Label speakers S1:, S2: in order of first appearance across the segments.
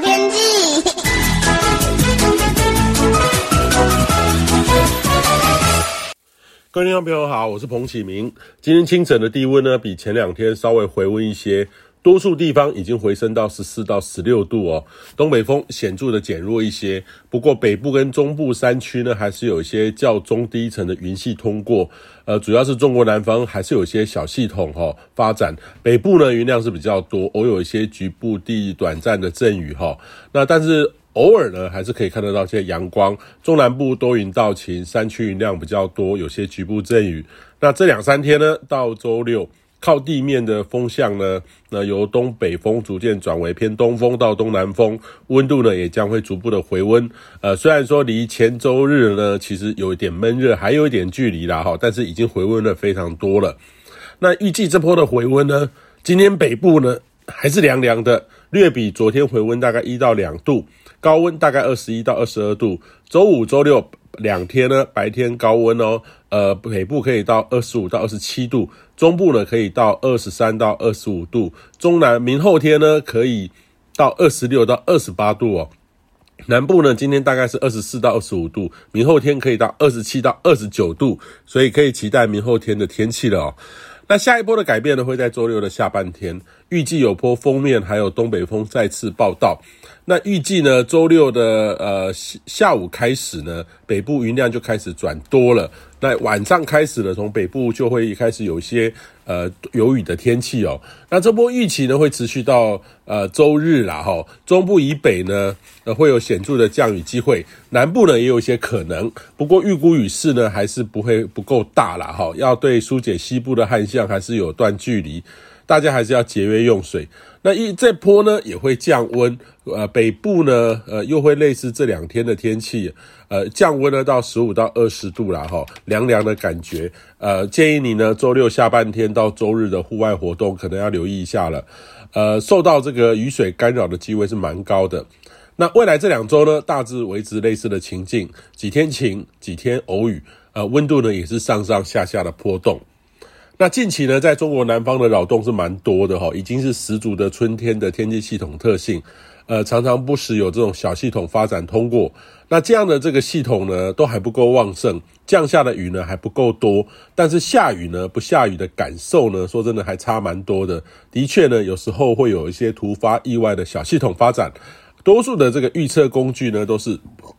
S1: 天氣，各位聽眾朋友好，我是彭啟明。今天清晨的低溫呢，比前兩天稍微回溫一些。多數地方已經回升到十四到十六度哦，東北風顯著的減弱一些。不過北部跟中部山區呢，還是有一些較中低層的雲系通過。呃，主要是中國南方還是有一些小系統哈發展。北部呢雲量是比較多，偶有一些局部地短暫的陣雨哈。那但是偶爾呢，還是可以看得到一些陽光。中南部多雲到晴，山區雲量比較多，有些局部陣雨。那這兩三天呢，到周六。靠地面的風向呢，那、呃、由東北風逐漸轉為偏東風到東南風，溫度呢也將會逐步的回溫。呃，雖然說離前周日呢其實有一點悶熱，還有一點距離啦哈，但是已經回溫了非常多了。那預計這波的回溫呢，今天北部呢還是涼涼的，略比昨天回溫大概一到兩度，高溫大概二十一到二十二度。周五、周六，兩天呢，白天高溫哦，呃，北部可以到二十五到二十七度，中部呢可以到二十三到二十五度，中南明後天呢可以到二十六到二十八度哦，南部呢今天大概是二十四到二十五度，明後天可以到二十七到二十九度，所以可以期待明後天的天氣了哦。那下一波的改變呢，會在周六的下半天。預計有波鋒面，還有東北風再次報到。那預計呢，週六的呃下午開始呢，北部雲量就開始轉多了。那晚上開始了，從北部就會開始有一些呃有雨的天氣哦。那這波預期呢，會持續到呃週日了哈、哦。中部以北呢、呃，會有顯著的降雨機會，南部呢也有一些可能。不過預估雨勢呢，還是不會不夠大了哈、哦，要對紓解西部的旱象，還是有段距離。大家還是要節約用水。那一這波呢，也會降溫，呃，北部呢，呃，又會類似這兩天的天氣，呃，降溫呢到十五到二十度啦，哈、哦，涼涼的感覺。呃，建議你呢，周六下半天到周日的戶外活動可能要留意一下了。呃，受到這個雨水干擾的機會是蠻高的。那未來這兩周呢，大致維持類似的情境，幾天晴，幾天偶雨，呃，溫度呢也是上上下下的波動。那近期呢，在中國南方的擾動是蠻多的哈、哦，已經是十足的春天的天氣系統特性，呃，常常不時有這種小系統發展通過。那這樣的這個系統呢，都還不夠旺盛，降下的雨呢還不夠多，但是下雨呢不下雨的感受呢，說真的還差蠻多的。的確呢，有時候會有一些突發意外的小系統發展，多數的這個預測工具呢都是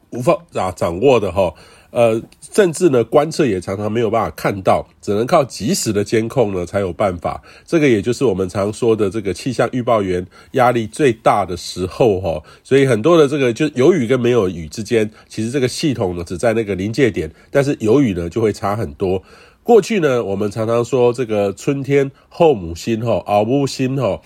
S1: 無法、啊、掌握的哈、哦。呃，甚至呢，觀測也常常沒有辦法看到，只能靠即時的監控呢才有辦法。這個也就是我們常說的這個氣象預報員壓力最大的時候，哦，所以很多的這個就是有雨跟沒有雨之間，其實這個系統呢只在那個臨界點，但是有雨呢就會差很多。過去呢，我們常常說這個春天後母心哈，後母心哈，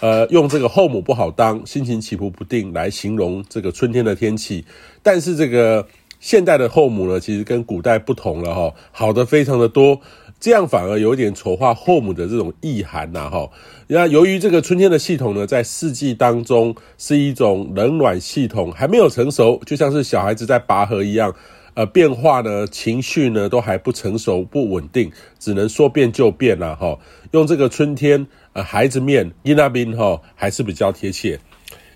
S1: 呃，用這個後母不好當，心情起伏不定來形容這個春天的天氣。但是這個。現代的後母呢，其實跟古代不同了哈、哦，好的非常的多，這樣反而有點醜化後母的這種意涵吶、啊、哈、哦。那由於這個春天的系統呢，在四季當中是一種冷暖系統，還沒有成熟，就像是小孩子在拔河一樣，呃，變化呢，情緒呢都還不成熟不穩定，只能說變就變啦哈。用這個春天呃孩子面伊那邊哈還是比較貼切。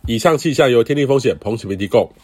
S1: 以上氣象由天氣風險彭啟明提供。